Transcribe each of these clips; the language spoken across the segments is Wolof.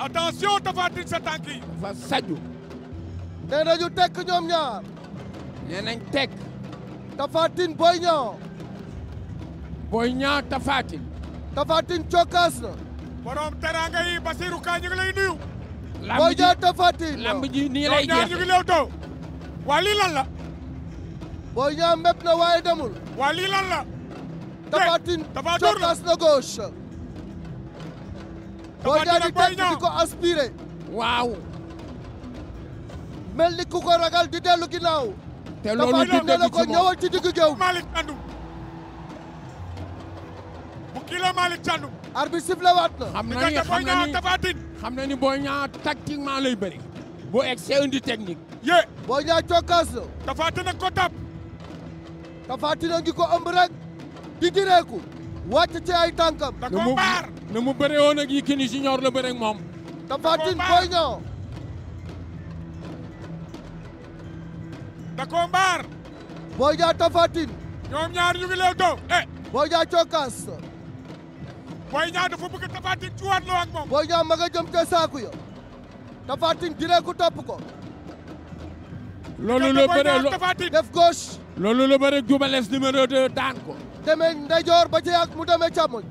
attention Tapha Tine sa tànk yi. dafa ñoom ñaar. nee nañ tekk. Tapha Tine Boy Niang. Boy Niang cokkaas na. borom teraanga yi Basirou Ka ñu ngi lay nuyu. Boy lamb ji nii lay jeexee ñoom taw. waa lan la. Boy Niang mépp na waaye demul. waa lan la. Tapha cokkaas na gauche. Boy Niang di teg di ko aspiré waaw mel ni ku ko ragal di dellu ginnaaw te loolu dinde la ko ñëwal ci diggu géew Malick Thiandoum bu kii la Malick Thiandoum arbitre sifflé waat na xam na ni Boy Niang Taphatine xam na ni Boy Niang tactiquement lay bëri bu yé Boy Niang cokkaas na Taphatine ko tap Taphatine a ëmb rek di direeku wàcc ci ay tànkam. da ko mbaar na mu bëree woon la bëree moom. Tapha Tine Boy Niang. da ko mbaar. Boy ñoom ñaar ñu ngi lay doon eh. Boy Niang cokkaas. Boy Niang dafa bëgg Tapha Tine cuwaat loo moom. Boy Niang ma ca saako ya. Tapha Tine diree ko. loolu la bëree def gauche. loolu la bëree jubalees numéro 2 daan ko. demee ndeyjoor ba ci yàgg mu demee càmmoñ.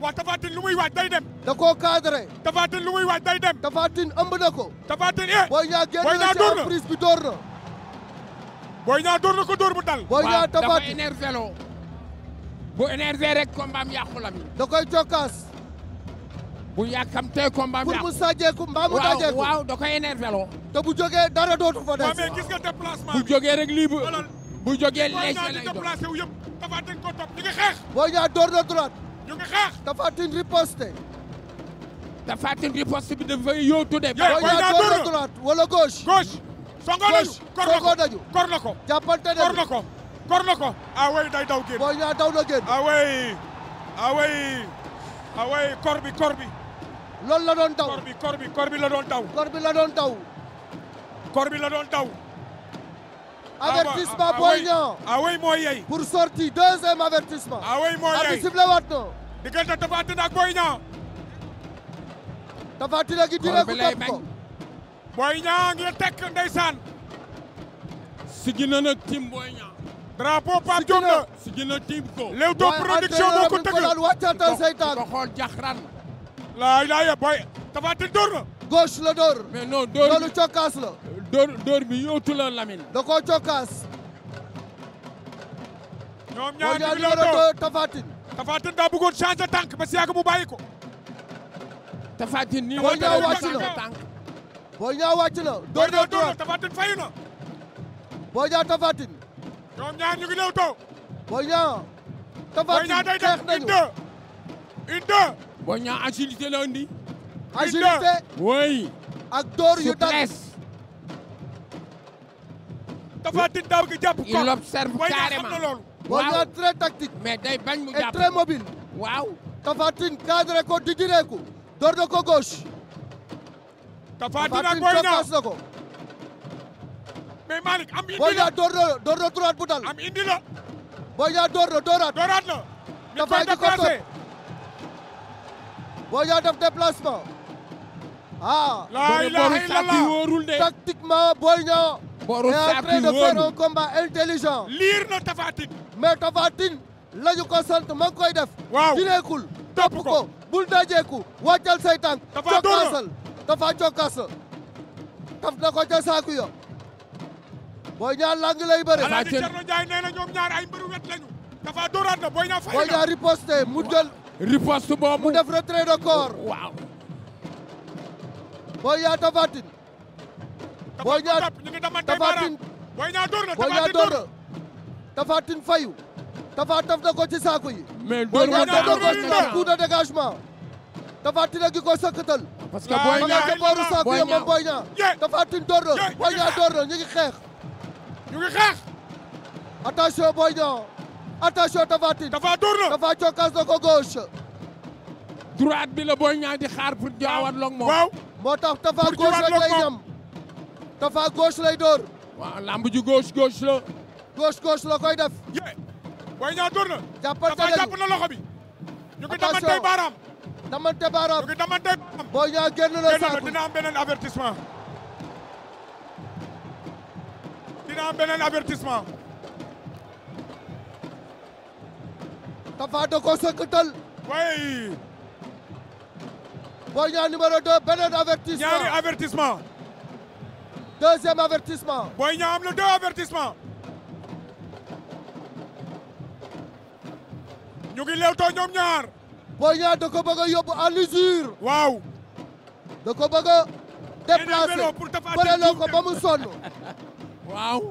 waa Tapha lu muy waaj day dem. da koo cadré. Tapha lu muy waaj day dem. Tapha Tine ëmb na ko. Tapha Tine eh. Boy Niang bi door na. Boy Niang door na bu dal. Boy Niang Tapha Tine dafa énervé loo. bu énervé rek combat am yàqu da koy cokkaas. bu yàkkamtee combat dara dootu fa des. waaw mais gis nga déplacement bi bu rek lii bu jógee léegi lay doon déplacé wu yëpp Tapha Tine ko topp ñu ngi xeex. Boy Niang na droite. ñu ngi riposte. Tapha riposte bi dafay yóotu de. Boy Niang door na droite wala gauche. gauche songoo nañu na ko jàppante nañu kor na ko kor na ko. ah day daw génn. Boy Niang daw na génn. ah way ah ah kor bi kor bi. loolu la doon daw kor bi kor bi kor bi la doon daw. kor bi la doon daw. kor bi la doon daw. Ah avertissement ah Boy Niang. ah oui moo yey. pour sortie deuxième avertissement. ah oui Boy Niang. Tapha Tine a ngi direct ko. Boy Niang ngi tekk ndeysaan. siggi na tim Boy Niang. drapeau Pape Diop la siggi tim ko. Leewtoo production moo ko tëgg. ko xool jaxran. laay laay boy Tapha Tine door na. gauche la door. mais non door la. dóor dóor bi yóotu la Lamine. da koo cokkaas. ñoom ñaar ñu ngi lay daa bëggoon changer tànk ba si yàgg mu nii mooy delloo wàcc na tànk. Boy Niang wàcc na. Boy Niang dóor na Tapha Tine fayu na. Boy Niang Tapha Tine. ñoom nañu Boy Niang day def une deux une deux. Boy Niang ak dóor yu dal. Tapha Tine daa bëgg jàpp ko il observe carrément xam na loolu. waaw Boy Niang très bañ mu jàpp et très mobile. waaw. Tapha Tine cadré ko digiree ko. door na ko gauche. Tapha Tine ak Boy ko. mais Malick am indi la Boy Niang door na door na droite bu dal. am indi la. Boy Niang door na dooraat. dooraat la. ñu koy déplacé Boy Niang def déplacement. ah. la ilaha illallah tactiquement Boy booru saako yi de faire un combat intelligent. liir na Tafatine. mais Tafatine lañu ko sant ma koy def. waaw jineekul topp ko bul dajeeku wàccal say tànk. dafa doon dafa jokkaas taf na ko ca saako ya. ñaar lang lay bëre. dafa jël Alaaji Cerno ñoom ñaar ay mbëru wet lañu. dafa dooraat na booy ñaar fay na booy ñaar riposte mu jël. riposte boobu mu def retrait de corps. waaw. booy ñaar Tafatine. booy ñaar tafaatin booy ñaar door na tafaatin fayu tafa taf na ko ci saako yi. mais booy ñaar door na ko ci coup de dégagement. tafaatin a ngi ko sëkkatal. parce que booy ñaar yi moom booy ñaar. tafaatin door na booy ñaar door na ñu ngi xeex. ñu ngi xeex. attention booy ñaar attention tafaatin. tafa door na tafa cokkaas na ko gauche. droite bi la booy ñaar di xaar pour jaawaat loog moom. moo tax tafa gauche rek lay ñam. ta gauche lay dóor. waaw lamb ju gauche gauche la. la koy def. yee Boy Niang dóor na. jàppante nañu na loxo bi. ñu ngi damante baaraam. damante baaraam ñu ngi damante baaraam. Boy Niang génn na saako dina am beneen avertissement. dina am beneen avertissement. Tapha da ko sëkkatal. way Boy beneen avertissement ñaari avertissement. deuxième avertissement. Boy Niang am na deux avertissement. ñu ngi lewtoo ñoom ñaar. Boy Niang ko bëgg yóbbu à l'usure. waaw. da ko bëgg a déplacer bëreloo ko ba mu sonn. waaw.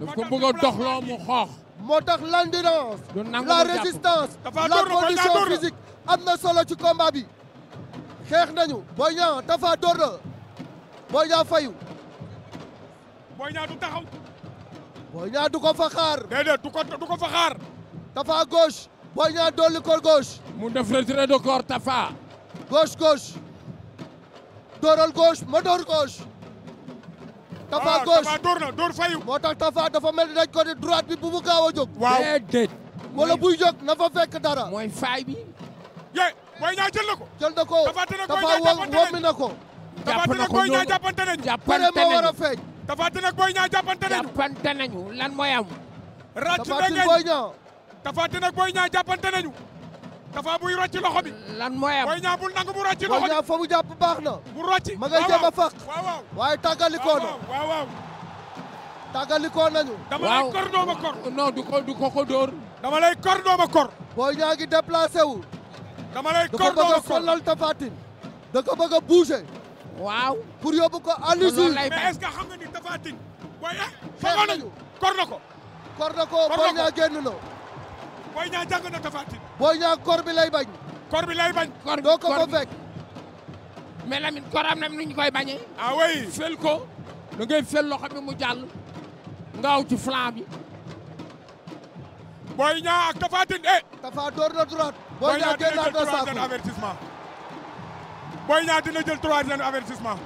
daf ko bëgg doxloo mu xoox. moo tax l'endurance la résistance la condition physique am na solo ci combat bi. xeex nañu Boy Niang Tapha door na. Boy Niang fayu. Boy Niang du taxaw. Boy Niang du ko fa xaar. déedéet du ko du ko fa xaar. Tafa gauche. Boy Niang dolli ko mu def retrait de corps Tafa. gauche gauche. dooral gauche ma door gauche. Ah, moo tax Tafa dafa mel ni dañ ko di droite bi bu mu a jóg. waaw déedéet. buy jóg na fekk dara. mooy faay bi. ye Boy Niang jël na ko. jël na ko Tafa wóomi na ko. jàpp na ko ñoom jàppante nañu. jàppante nañu Tafatin ak Boy Niang jàppante nañu. jàppante nañu lan mooy am. ràcc nañu Tafatin ak Boy Niang jàppante nañu. Tafa buy rocci loxo bi. lan mooy am Boy Niang bul nangu mu rocci loxo bi. Boy Niang fa mu jàpp baax na. bu rocci ma ngay jéem a faq. waaye tàggalikoo na. waaw waaw. tàggalikoo nañu. dama lay kor doo ma kor. non du ko du ko ko dóor. dama lay kor doo ma kor. Boy Niang gi déplacé wu. dama lay kor doo ma kor da ko bëgg a sollal Tafatin. da ko bëgg a bouger. waaw pour yóbbu ko à l'usine mais xam nga ni Tapha Tine booy ah fagoon nañu kor na ko kor na ko Boy Niang génn na Boy Niang jàng na Tapha Tine Boy Niang kor bi lay bañ kor bi ko ko fekk mais Lamine kor am na nu ñu koy bañee ah fel ko da fel loxo bi mu jàll nga aw ci flanc bi ak Tapha Tine eh door na droite Boy Niang génn na avertissement Boy Niang dina jël troisième avertissement.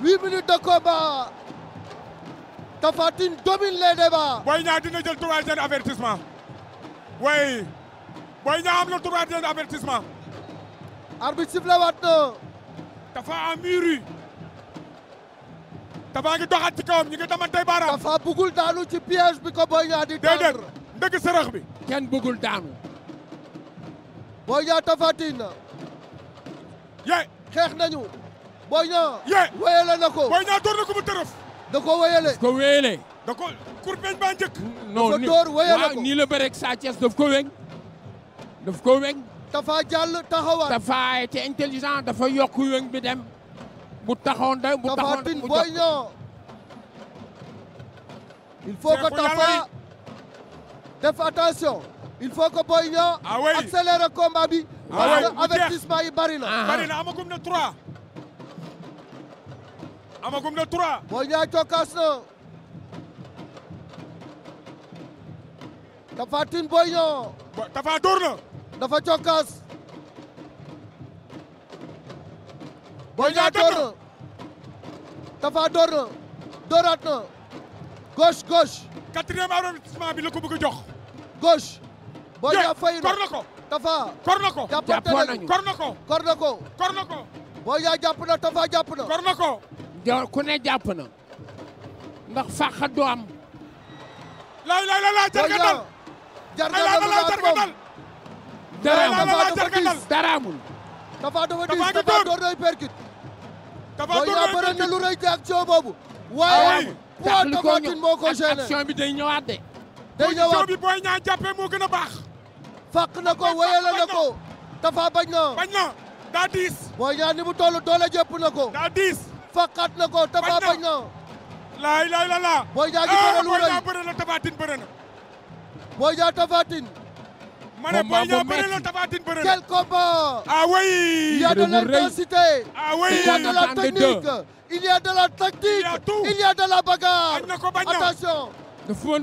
huit minutes de combat. Tapha Tine domine les débats. Boy dina jël troisième avertissement. oui Boy Niang am na troisième avertissement. arbitre sifflé waat na. Tapha a mûri. Tapha ngi doxat ci kawam ñu ngi damantey baaraam. Tapha bëggul daanu ci piège bi ko Boy Niang di. déedéet ndëgg sërëx bi. kenn bëggul daanu. Boy Niang Tapha yee xeex nañu Boy yee wéyale na ko Boy Niang na ko mu tërëf da ko wéyale da ko wéyale da ko kurpeñ baa njëkk non door wéyale ko nii la bërek Sa Thiès daf ko weñ daf ko weñ dafa jàll taxawaat dafa été intelligent dafa yokk weñ bi dem bu taxoon da bu taxoon Tapha Tine il faut que Tapha def attention il faut que Boy Niang ah oui accélère combat bi. Ah parce que avertissement yi bari na. Ah. bari na amagum na 3. amagum na 3. Boy Niang cokkaas na. Tapha Tine Boy Niang. Tapha dóor na. dafa cokkaas. Boy Niang dóor na. Tapha dóor na. dóoraat na. gauche gauche. quatrième arrondissement bi la ko bëgg a jox. gauche. Boy Niang fay na kor ko. Tafa. kor na ko jàppante nañu kor na ko. kor na ko. Tafa jàpp na. kor ku ne jàpp na. ndax fàq du lay lay lay jar dal. jar Tafa dafa diis Tafa door na percute. Tafa door na bëri na lu rëy ci de. day ñëwaat bi Boy Niang jàppee moo gën a baax. fàq na ko wéyale na ko Tapha bañ na. bañ na daa diis. Boy Niang ni mu toll doole jëpp na ko. daa diis. fàqaat na ko Tapha bañ na. laay laay la laa. Boy Niang gi ah, rëy. Boy Niang bëre na Tapha na. Boy Niang Tapha Tine. ma ne Boy Niang ah, il y a de ah, il y a de la technique. il y a de la tactique. il y a tout il y a de la bagarre. bañ na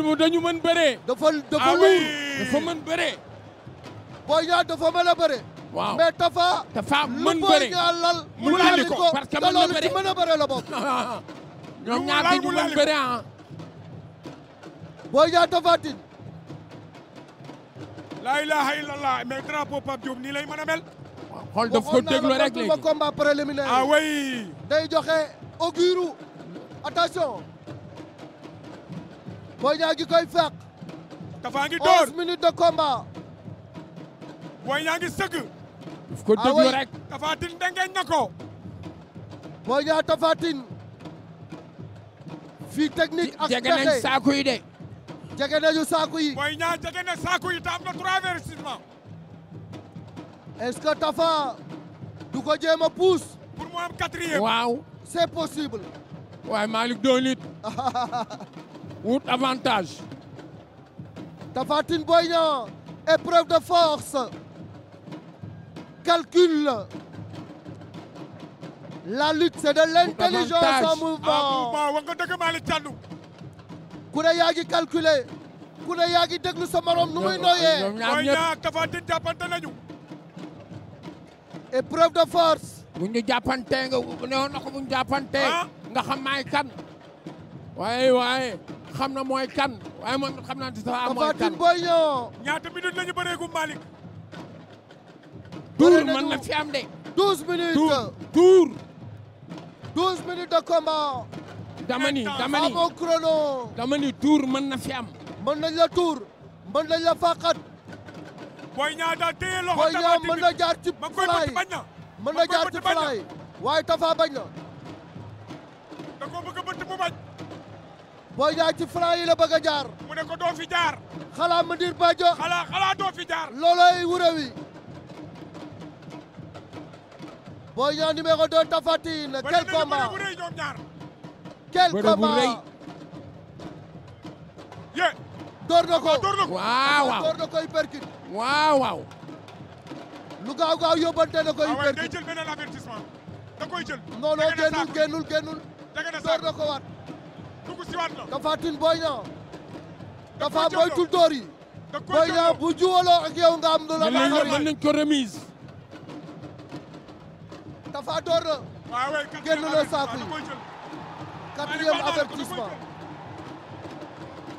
mën dañu mën bëree. dafa dafa luur dafa mën bëree. Boy Niang dafa mën a bëre. waaw mën bëre lu lal. mu laali ko parce que mën na bëre te loolu ci mën a bëre la bokk. ñoom ñaar dañu mën bëre ah. nii lay mën a mel. xool daf rek léegi waxoon combat préliminaire ah oui. day joxe auguru attention. Boy gi koy fekk. Tapha ngi door 11 minutes de booy ñaa ngi sëgg. daf ko déglu ah rek. Tapha Tine dengeñ na ñaa Tapha Tine. fii ak pexe jege nañ yi de. jege nañu saako yi. na trois avertissement. est-ce du ko jéem a puus. am quatrième. waaw c'est possible. waaye Malick doon it. wut avantage. Tapha Tine Boy Niang force. calcul. La lutte c'est de l'intelligence en mouvement. wax nga dëgg Malick ku ne yaa calculer. ku ne yaa ngi déglu sa nu muy noyyee. mooy ñaar tafantin épreuve de force. bu ñu jàppante nga newoon na ko bu ñu jàppante ah? nga xam maay kan. waaye waaye xam na mooy kan waaye moom xam naa ne tafantin booy ñëw. ñaata minute la ñu bëree gu Malick. tour mën na fi am de. 12 minutes tour tour. 12 minutes de combat. dama ni mën na fi am. mën nañ la tuur mën nañ la faqat. booy ñaa daal téye loxo booy ñaa mën na jaar ci fly mën na jaar ci fly waaye Tapha bañ na. da bëgg a mu bañ. booy ñaa ci fly yi la bëgg a jaar. mu ne ko doo fi jaar. xalaa Mandir Badio. xalaa xalaa doo fi jaar. loolooy wurewi. Boy Niang numéro 2 Tapha Tine ah, ko waaw waaw door na ko hypercute waaw gaaw gaaw yóbbante na ko ah, hypercute day jël beneen avertissement da koy jël non non génnul door na ko waat dugg si waat la Tapha Tine Boy Niang dafa moytul lu la naqari mën nañ ko remise Tapha door na. waaw ah na saako ah, yi avertissement.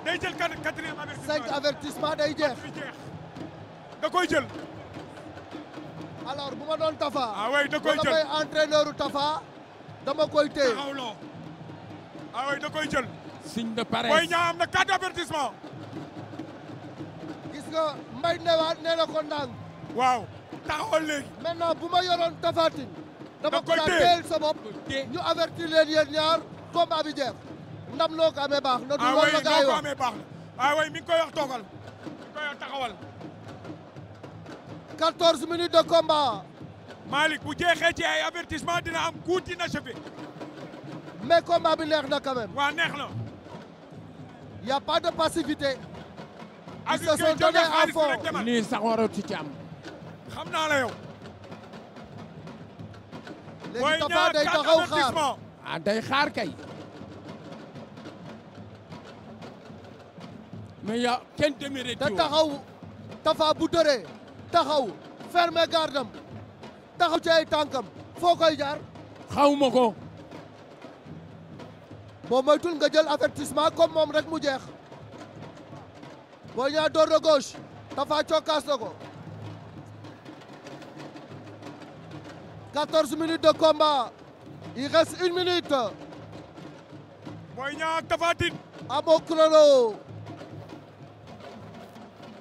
day jël quatrième da koy bu ma doon Tapha. Ah da koy jël damay entraîneur Tapha dama koy téye. taxawloo koy jël. gis nga Mbaye Ndewa nee na ko ndànk. waaw taxawal léegi. maintenant bu ma yoroon Tapha Tine dama ko daan teel sa ñu avertir leen yéen ñaar comme abi jeex ndam loo amee baax na du ah war na amee baax na waaw ah waay mi koy wax toogal mi koy wax taxawal 14 minutes de combat Malick bu jeexee ci ay avertissement dina am coup inachevé mais combat bi neex na quand même neex na y a pas de passivité ils se nii sax ci am xam naa la yow léegi Tapha day taxaw xaar ah day xaar kay. mais ya kenn demee te taxaw Tapha bu dëree taxaw fermer gardam taxaw ci ay tànkam foo koy jaar. xaw ko. moo moytul nga jël avertissement comme moom rek mu jeex. Boy Niang door na cokkaas na 14 minutes de combat il reste une minute. Boy Niang ak Tapha Tine. amoo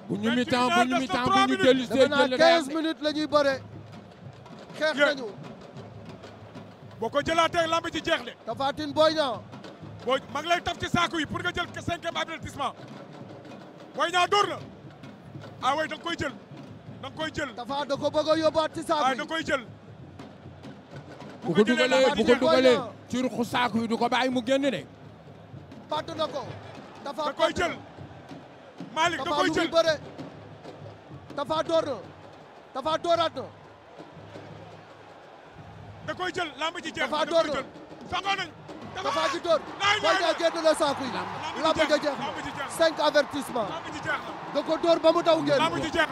bu ñu mi bu ñu mi bu ñu dellu see jël 15 minutes la ñuy bëre. xeex nañu. boo ko jëlaatee lamb ji jeex de. Tapha Tine Boy Niang. booy lay taf ci saako yi pour nga jël cinquième avertissement. Boy Niang dóor na. ah way da jël da jël. Tapha da ko bëgg ci saako ah, yi jël. bu ko dugalee bu ko dugalee ci ruxu saako yi du mu génn de. na ko. da koy jël Malick da koy jël dafa door na dafa dooraat na. da koy jël ji jeex dafa door na sangoo nañ. dafa ji jeex na avertissement. da ko door ba mu daw ngeen. làmb ji jeex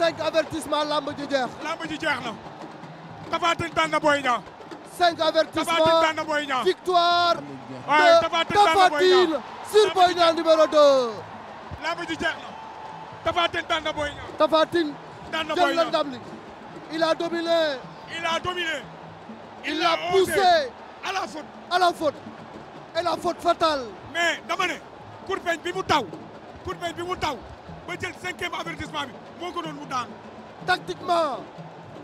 na avertissement làmb ji jeex. Tapha Tine na Boy Niang. 5 avertissements victoire de Tapha Tine Boy Niang numéro 2. lamb ji jeex na Tapha il a dominé. il a dominé. il, a poussé à la faute. à la faute et la dama ne kurpeñ bi mu taw kurpeñ bi mu taw ba jël cinquième avertissement bi ko doon mu daan. tactiquement.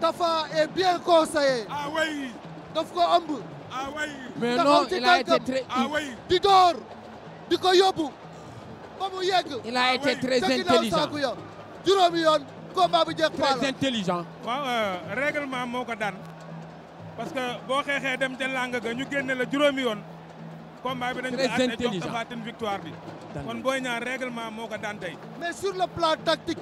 Tafa est bien conseillé. Ah daf ko ëmb. ah oui. mais non il a ah di door di ko yóbbu ba mu yegg. il a ah été très intelligent juróomi yoon combat bu njëkk par la. waaw euh, règlement moo ko daan parce que boo xeexee dem ca làng ga ñu génne la juróomi yoon. combat bi dañu ko àtte jox victoire bi. kon booy ñaar règlement moo ko daan tey. mais sur le plan tactique.